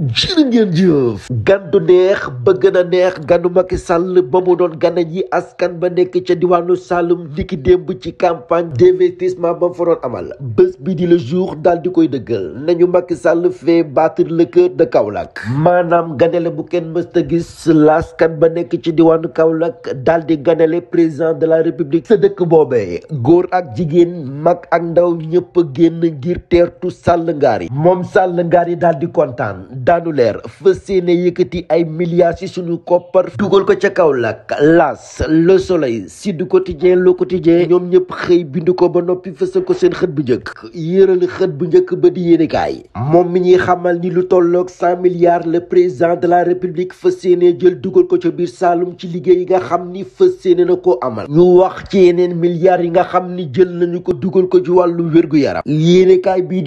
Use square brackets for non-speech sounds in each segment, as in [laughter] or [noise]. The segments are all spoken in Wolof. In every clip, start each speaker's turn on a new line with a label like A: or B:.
A: jërë ngeen jëf gandu neex bëgg na neex ganu Macky Sall ba mu doon gana ji askan ba nekk ca diwaanu Saloum ndiki démb ci campagne d'investissement ba mu fa amal bés bi di la jour daal di koy dëggal nañu Macky Sall fait battre le cœur de Kaolack maanaam ganale bu kenn mësta gis laskan ba nekk ci diwaanu Kaolack dal di ganale président de la république sa dëkk boobee góor ak jigéen mag ak ndaw ñëpp génn ngir teertu Sall ngaar yi moom Sall ngaar yi daal di kontaan résultat du leer fas yëkkati ay milliards ci suñu koppar dugal ko ca Kaolack las le soleil Sud Quotidien Le Quotidien ñoom ñëpp xëy bind ko ba noppi fësal ko seen xët bu njëkk yéeral xët bu njëkk ba di yéenekaay moom mi ñuy xamal ni lu tollook cent milliards le président de la république fas yéene jël dugal ko ca biir saalum ci liggéey yi nga xam ni fas yéene na ko amal ñu wax ci yeneen milliards yi nga xam ni jël nañu ko dugal ko ci wàllu wérgu yaram yéenekaay bii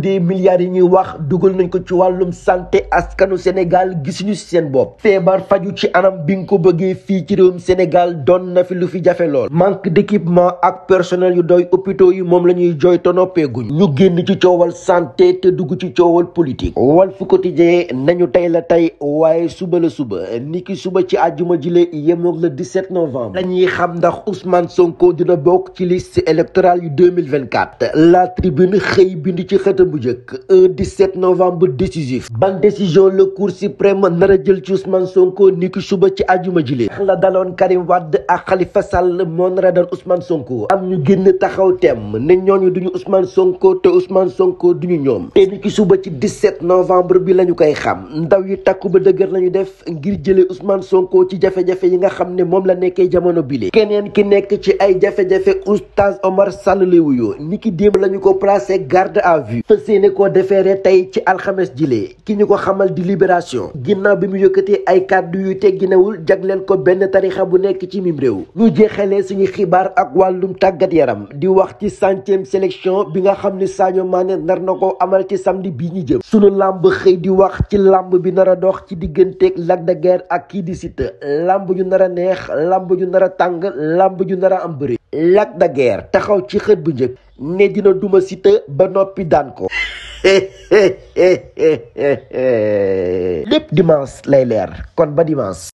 A: des milliards yi ñuy wax dugal nañ ko ci wàllum santé askanu Sénégal gisuñu si seen bopp feebar faju ci anam bi nga ko bëggee fii ci réewum Sénégal doon na fi lu fi jafe lool manque d'équipement ak personnel yu doy hôpitaux yi moom la ñuy jooy tonoppeeguñ ñu génn ci coowal santé te dugg ci coowal politique Walf Quotidien nañu tey la tey waaye suba la suba niki suba ci àjjuma jile yemoog le 17 novembre la ñuy xam ndax Ousmane Sonko dina bokk ci liste électorale yu 2024 la tribune xëy bind ci xëtam bu njëkk 1 17 novembre décisif ban décision la cour suprême nar a jël ci Ousmane Sonko ni ki suba ci ajuma jile la daloon Karim Wade ak Khalifa Sall moo nar a dal Ousmane Sonko am ñu génn taxaw tem ne ñooñu duñu Ousmane Sonko te Ousmane Sonko duñu ñoom te ni suba ci 17 novembre bi la ñu koy xam ndaw yi takku ba dëgër lañu def ngir jëlee Ousmane Sonko ci jafe-jafe yi nga xam ne moom la nekkee jamono bile keneen ki nekk ci ay jafe-jafe Oustaz Omar Sall lay wuyoo ni démb lañu fas ko koo defeere tey ci alxames jilee ki ñu ko xamal di libération ginnaaw bi mu yëkkatee ay kàddu yu tegginewul jagleel ko benn tarixa bu nekk ci miim réew ñu jeexalee suñu xibaar ak wàllum tàggat yaram di wax ci centième sélection bi nga xam ni Sadio Mané ndar na ko amal ci samedi bi ñu jëm suñu làmb xëy di wax ci làmb bi nar dox ci digganteeg Lac de ak kii di Siteu làmb ju nar a neex làmb ju nar a tàng làmb ju nar a am bëri Lac de Guiers taxaw ci xët bu njëkk ne dina duma Siteu ba noppi daan ko [laughs] lépp dimanche lay leer kon ba dimanche